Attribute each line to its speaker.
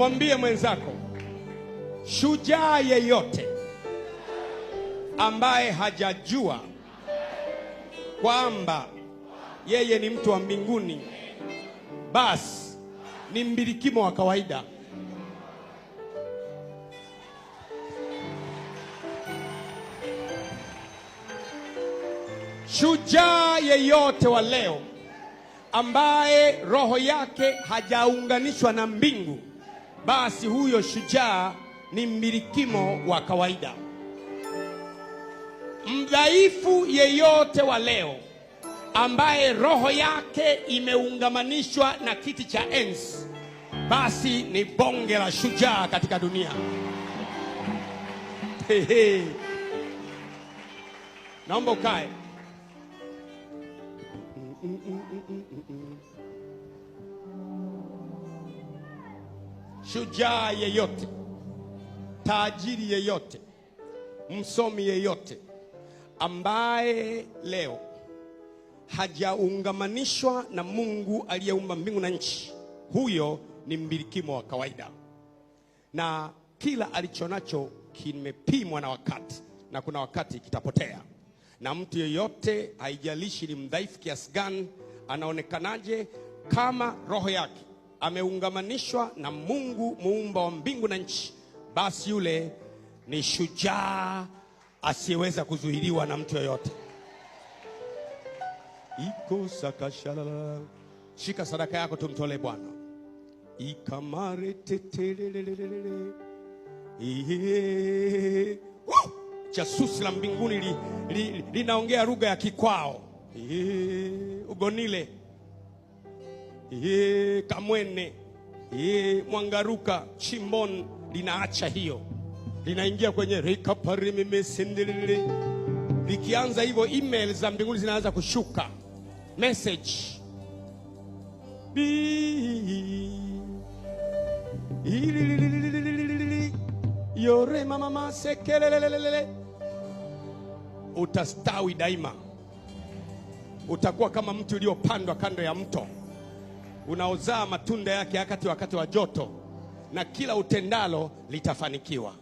Speaker 1: Mwambie mwenzako, shujaa yeyote ambaye hajajua kwamba yeye ni mtu wa mbinguni, basi ni mbilikimo wa kawaida. Shujaa yeyote wa leo ambaye roho yake hajaunganishwa na mbingu basi huyo shujaa ni mmilikimo wa kawaida. Mdhaifu yeyote wa leo ambaye roho yake imeungamanishwa na kiti cha enzi, basi ni bonge la shujaa katika dunia. Hehe. Naomba ukae. Mm, mm, mm, shujaa yeyote, tajiri yeyote, msomi yeyote ambaye leo hajaungamanishwa na Mungu aliyeumba mbingu na nchi, huyo ni mbilikimo wa kawaida, na kila alichonacho kimepimwa na wakati, na kuna wakati kitapotea. Na mtu yeyote, haijalishi ni mdhaifu kiasi gani, anaonekanaje, kama roho yake ameungamanishwa na Mungu muumba wa mbingu na nchi, basi yule ni shujaa asiyeweza kuzuiliwa na mtu yoyote. iko sakashalala shika sadaka yako tumtole Bwana ikamare tetelelelele Jasusi la mbinguni linaongea li, li lugha ya kikwao ugonile ye Kamwene, ye Mwangaruka, chimbon linaacha hiyo, linaingia kwenye rikaparimimesindilili. Likianza hivyo, email za mbinguni zinaanza kushuka message yore mama masekelelelele, utastawi daima, utakuwa kama mtu uliopandwa kando ya mto unaozaa matunda yake wakati wakati wa joto, na kila utendalo litafanikiwa.